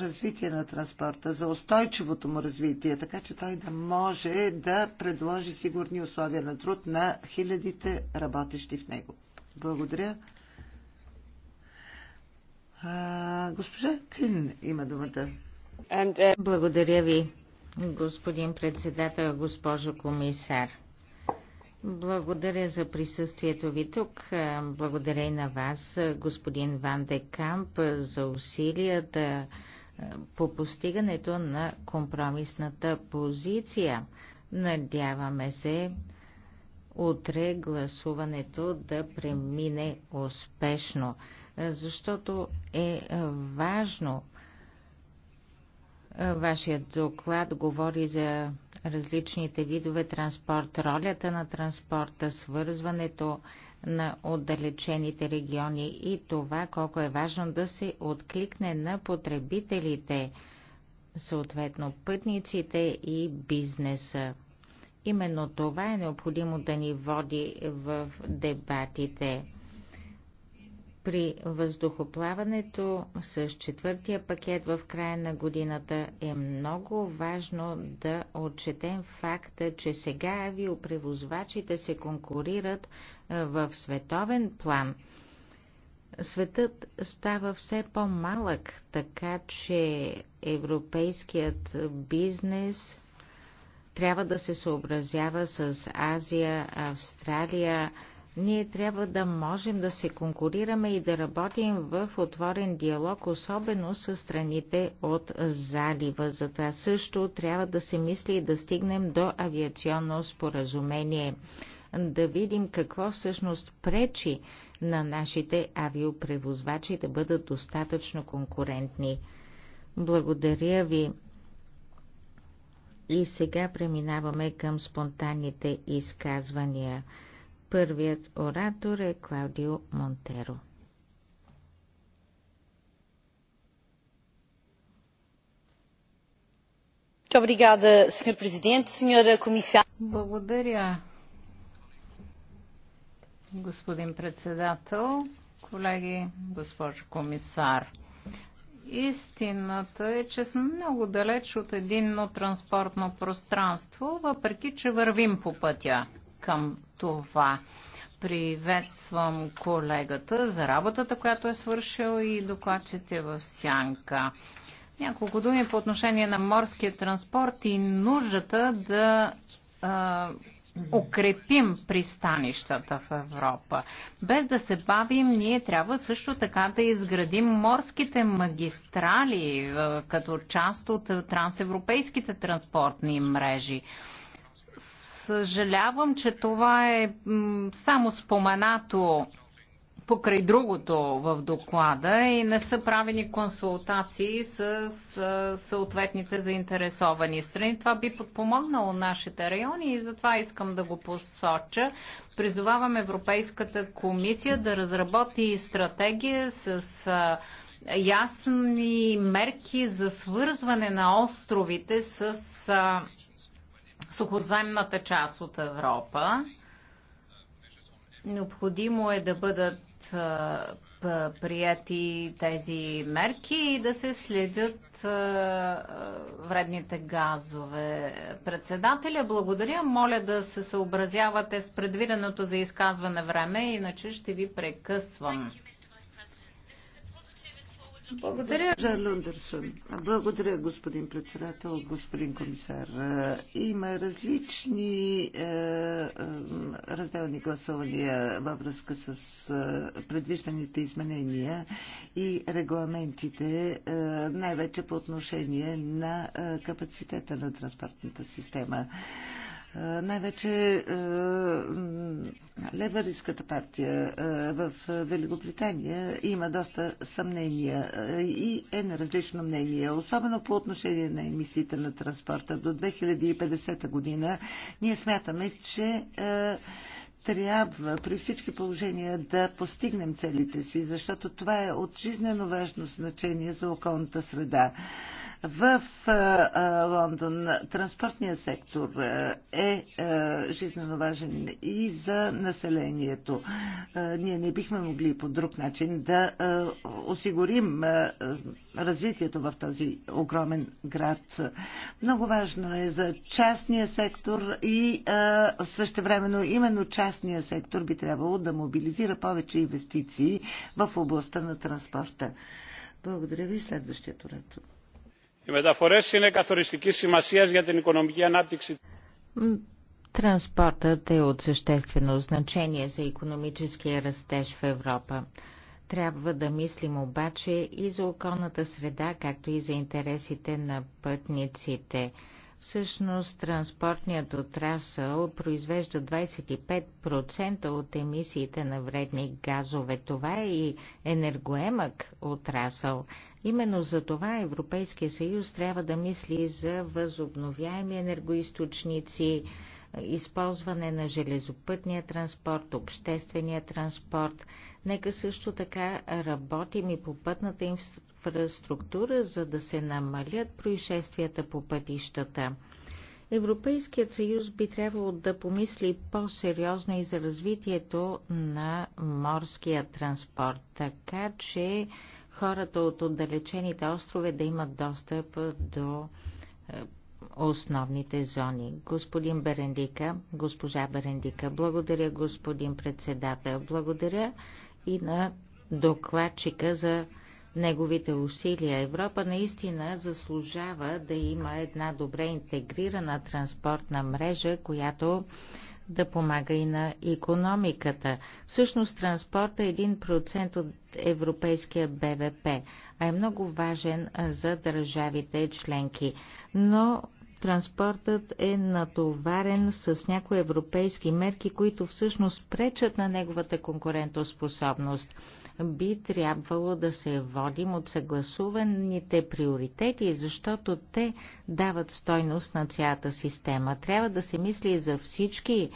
развитие на транспорта, за устойчивото му развитие, така че той да може да предложи сигурни условия на труд на хилядите работещи в него. Благодаря. Е, госпожа Клин има думата. Благодаря ви, господин председател, госпожо комисар. Благодаря за присъствието ви тук. Благодаря и на вас, господин Ван де Камп, за усилията по постигането на компромисната позиция. Надяваме се утре гласуването да премине успешно, защото е важно. Вашият доклад говори за различните видове транспорт, ролята на транспорта, свързването на отдалечените региони и това колко е важно да се откликне на потребителите, съответно пътниците и бизнеса. Именно това е необходимо да ни води в дебатите. При въздухоплаването с четвъртия пакет в края на годината е много важно да отчетем факта, че сега авиопревозвачите се конкурират в световен план. Светът става все по-малък, така че европейският бизнес трябва да се съобразява с Азия, Австралия, ние трябва да можем да се конкурираме и да работим в отворен диалог, особено с страните от залива. Затова също трябва да се мисли и да стигнем до авиационно споразумение. Да видим какво всъщност пречи на нашите авиопревозвачи да бъдат достатъчно конкурентни. Благодаря ви. И сега преминаваме към спонтанните изказвания. Първият оратор е Клаудио Монтеро. Благодаря, господин председател, колеги, госпожо комисар. Истината е, че сме много далеч от единно транспортно пространство, въпреки че вървим по пътя към това. Приветствам колегата за работата, която е свършил и докладчите в Сянка. Няколко думи по отношение на морския транспорт и нуждата да а, укрепим пристанищата в Европа. Без да се бавим, ние трябва също така да изградим морските магистрали като част от трансевропейските транспортни мрежи. Съжалявам, че това е само споменато покрай другото в доклада и не са правени консултации с съответните заинтересовани страни. Това би подпомогнало нашите райони и затова искам да го посоча. Призовавам Европейската комисия да разработи стратегия с ясни мерки за свързване на островите с сухоземната част от Европа. Необходимо е да бъдат прияти тези мерки и да се следят вредните газове. Председателя, благодаря. Моля да се съобразявате с предвиденото за изказване време, иначе ще ви прекъсвам. Благодаря. Жан Лундерсон. Благодаря, господин председател, господин комисар. Има различни е, е, разделни гласования във връзка с е, предвижданите изменения и регламентите, най-вече по отношение на капацитета на транспортната система. Е, най-вече е, левариската партия е, в Великобритания има доста съмнения и е на различно мнение, особено по отношение на емисиите на транспорта. До 2050 година ние смятаме, че трябва при всички положения да постигнем целите си, защото това е от жизнено важно значение за околната среда в Лондон. Транспортният сектор е жизненно важен и за населението. Ние не бихме могли по друг начин да осигурим развитието в този огромен град. Много важно е за частния сектор и същевременно именно частния сектор би трябвало да мобилизира повече инвестиции в областта на транспорта. Благодаря ви. Следващия оратор. Οι μεταφορές είναι καθοριστικής σημασίας για την οικονομική ανάπτυξη. Транспортът е от съществено значение за економическия растеж в Европа. Трябва да мислим обаче и за околната среда, както и за интересите на пътниците – Всъщност транспортният отрасъл произвежда 25% от емисиите на вредни газове. Това е и енергоемък отрасъл. Именно за това Европейския съюз трябва да мисли за възобновяеми енергоисточници, използване на железопътния транспорт, обществения транспорт. Нека също така работим и по пътната инфра инфраструктура, за да се намалят происшествията по пътищата. Европейският съюз би трябвало да помисли по-сериозно и за развитието на морския транспорт, така че хората от отдалечените острове да имат достъп до е, основните зони. Господин Берендика, госпожа Берендика, благодаря господин председател, благодаря и на докладчика за неговите усилия. Европа наистина заслужава да има една добре интегрирана транспортна мрежа, която да помага и на економиката. Всъщност транспорта е 1% от европейския БВП, а е много важен за държавите членки. Но транспортът е натоварен с някои европейски мерки, които всъщност пречат на неговата конкурентоспособност би трябвало да се водим от съгласуваните приоритети, защото те дават стойност на цялата система. Трябва да се мисли за всички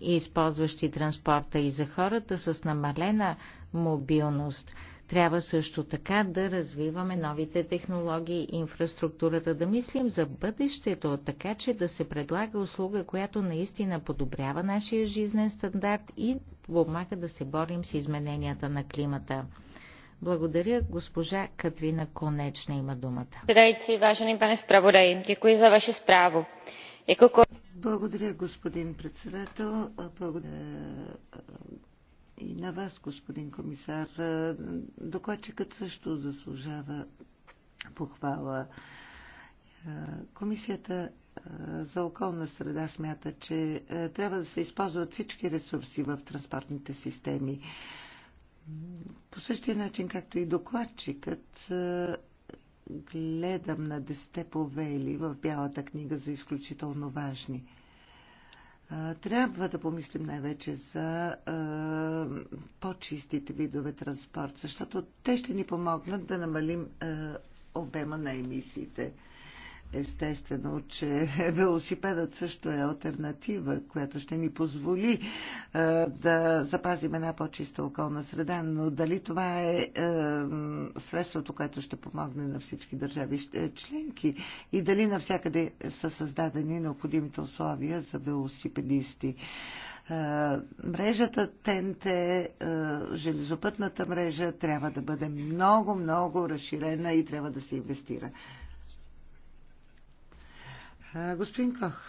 използващи транспорта и за хората с намалена мобилност – трябва също така да развиваме новите технологии, и инфраструктурата, да мислим за бъдещето, така че да се предлага услуга, която наистина подобрява нашия жизнен стандарт и помага да се борим с измененията на климата. Благодаря. Госпожа Катрина Конечна има думата. Председající, vážený пане zpravodaji, дякую за ваше справо. Благодаря, господин председател. Благодаря и на вас, господин комисар. Докладчикът също заслужава похвала. Комисията за околна среда смята, че трябва да се използват всички ресурси в транспортните системи. По същия начин, както и докладчикът, гледам на десте повели в Бялата книга за изключително важни трябва да помислим най-вече за по-чистите видове транспорт, защото те ще ни помогнат да намалим обема на емисиите. Естествено, че велосипедът също е альтернатива, която ще ни позволи е, да запазим една по-чиста околна среда, но дали това е, е средството, което ще помогне на всички държави е, членки и дали навсякъде са създадени необходимите условия за велосипедисти е, мрежата ТНТ, е, железопътната мрежа трябва да бъде много, много разширена и трябва да се инвестира. Господин Кох,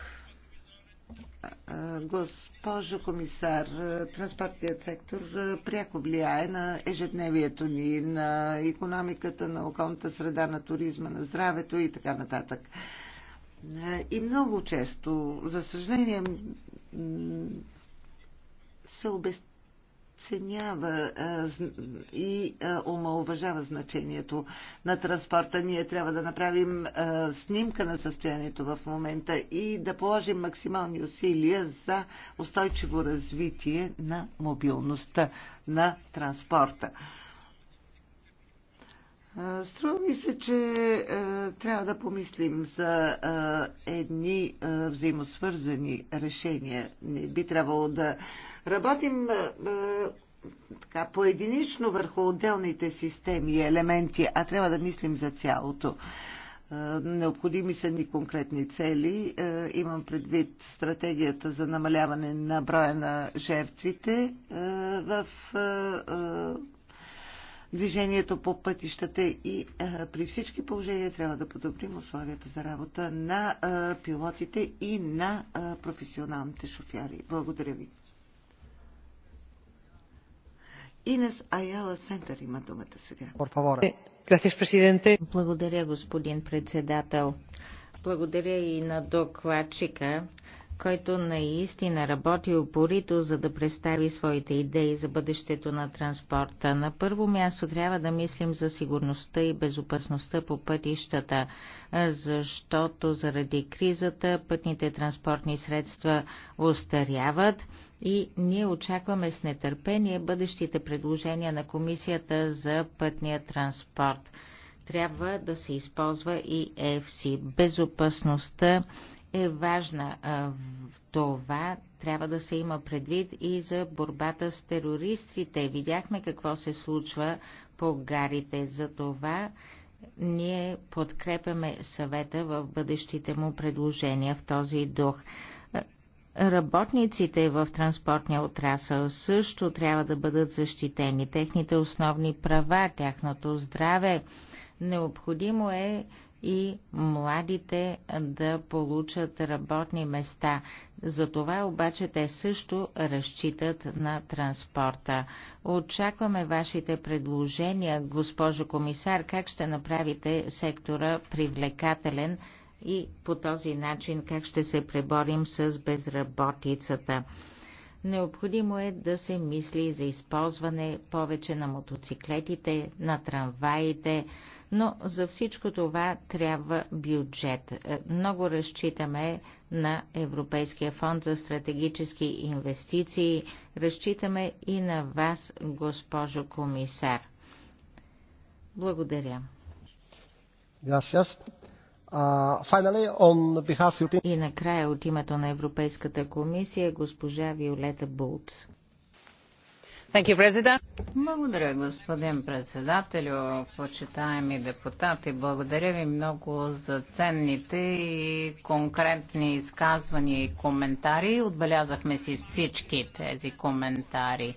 госпожо комисар, транспортният сектор пряко влияе на ежедневието ни, на економиката, на околната среда, на туризма, на здравето и така нататък. И много често, за съжаление, се обяснява подценява и омалуважава значението на транспорта. Ние трябва да направим снимка на състоянието в момента и да положим максимални усилия за устойчиво развитие на мобилността на транспорта. Струва ми се, че е, трябва да помислим за е, едни е, взаимосвързани решения. Не би трябвало да работим е, така, поединично върху отделните системи и елементи, а трябва да мислим за цялото. Е, необходими са ни конкретни цели. Е, имам предвид стратегията за намаляване на броя на жертвите е, в. Е, движението по пътищата и при всички положения трябва да подобрим условията за работа на пилотите и на професионалните шофьори. Благодаря ви. Инес Аяла Сентър има думата сега. Е, Благодаря, господин председател. Благодаря и на докладчика който наистина работи упорито, за да представи своите идеи за бъдещето на транспорта. На първо място трябва да мислим за сигурността и безопасността по пътищата, защото заради кризата пътните транспортни средства остаряват и ние очакваме с нетърпение бъдещите предложения на Комисията за пътния транспорт трябва да се използва и ЕФСИ. Безопасността е важна. В това трябва да се има предвид и за борбата с терористите. Видяхме какво се случва по гарите. За това ние подкрепяме съвета в бъдещите му предложения в този дух. Работниците в транспортния отрасъл също трябва да бъдат защитени. Техните основни права, тяхното здраве. Необходимо е и младите да получат работни места. За това обаче те също разчитат на транспорта. Очакваме вашите предложения, госпожо комисар, как ще направите сектора привлекателен и по този начин как ще се преборим с безработицата. Необходимо е да се мисли за използване повече на мотоциклетите, на трамваите, но за всичко това трябва бюджет. Е, много разчитаме на Европейския фонд за стратегически инвестиции, разчитаме и на вас, госпожо комисар. Благодаря. Gracias. И накрая от името на Европейската комисия госпожа Виолета Булц благодаря, господин председателю, почитаеми депутати. Благодаря ви много за ценните и конкретни изказвания и коментари. Отбелязахме си всички тези коментари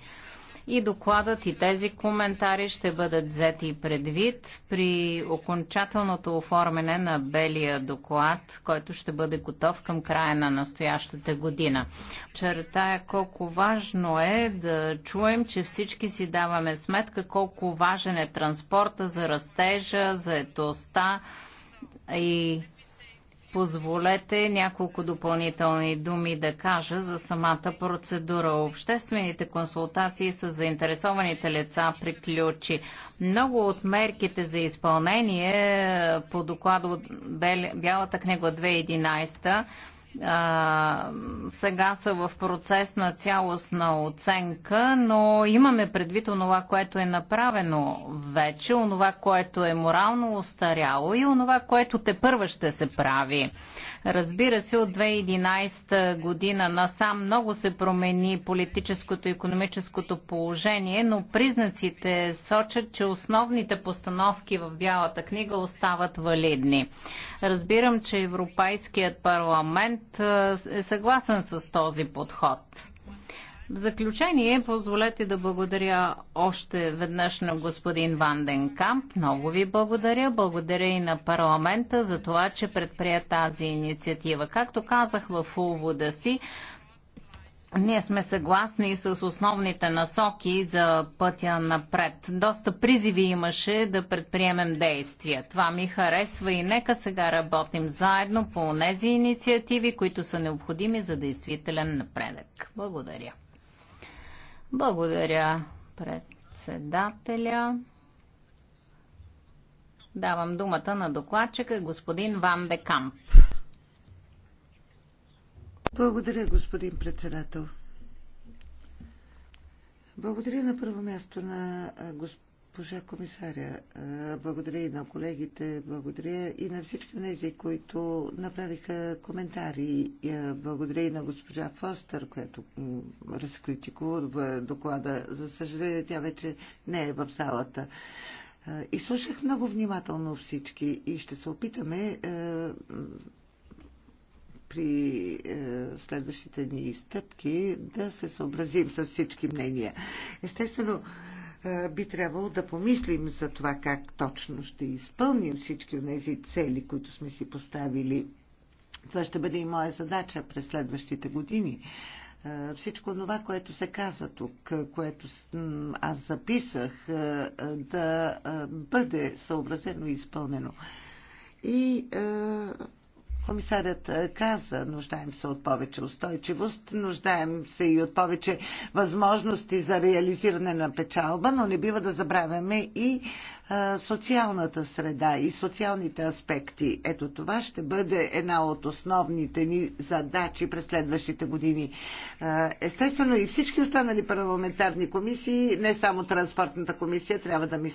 и докладът и тези коментари ще бъдат взети предвид при окончателното оформяне на белия доклад, който ще бъде готов към края на настоящата година. Чертая колко важно е да чуем, че всички си даваме сметка колко важен е транспорта за растежа, за етостта и позволете няколко допълнителни думи да кажа за самата процедура. Обществените консултации с заинтересованите лица приключи. Много от мерките за изпълнение по доклада от Бялата книга 2011 а, сега са в процес на цялостна оценка, но имаме предвид онова, което е направено вече, онова, което е морално устаряло и онова, което те първа ще се прави. Разбира се, от 2011 година насам много се промени политическото и економическото положение, но признаците сочат, че основните постановки в Бялата книга остават валидни. Разбирам, че Европейският парламент е, е съгласен с този подход. В заключение, позволете да благодаря още веднъж на господин Ванден Камп. Много ви благодаря. Благодаря и на парламента за това, че предприя тази инициатива. Както казах в увода си, ние сме съгласни с основните насоки за пътя напред. Доста призиви имаше да предприемем действия. Това ми харесва и нека сега работим заедно по тези инициативи, които са необходими за действителен напредък. Благодаря. Благодаря, председателя. Давам думата на докладчика господин Ван де Камп. Благодаря, господин председател. Благодаря на първо място на господин госпожа комисаря. Благодаря и на колегите, благодаря и на всички тези, които направиха коментари. Благодаря и на госпожа Фостър, която разкритикува доклада. За съжаление, тя вече не е в залата. И слушах много внимателно всички и ще се опитаме при е, следващите ни стъпки да се съобразим с всички мнения. Естествено, е, е, би трябвало да помислим за това как точно ще изпълним всички от тези цели, които сме си поставили. Това ще бъде и моя задача през следващите години. Е, всичко това, което се каза тук, което аз записах, е, да бъде съобразено и изпълнено. И Комисарят е, каза, нуждаем се от повече устойчивост, нуждаем се и от повече възможности за реализиране на печалба, но не бива да забравяме и е, социалната среда и социалните аспекти. Ето това ще бъде една от основните ни задачи през следващите години. Е, естествено и всички останали парламентарни комисии, не само транспортната комисия, трябва да мислят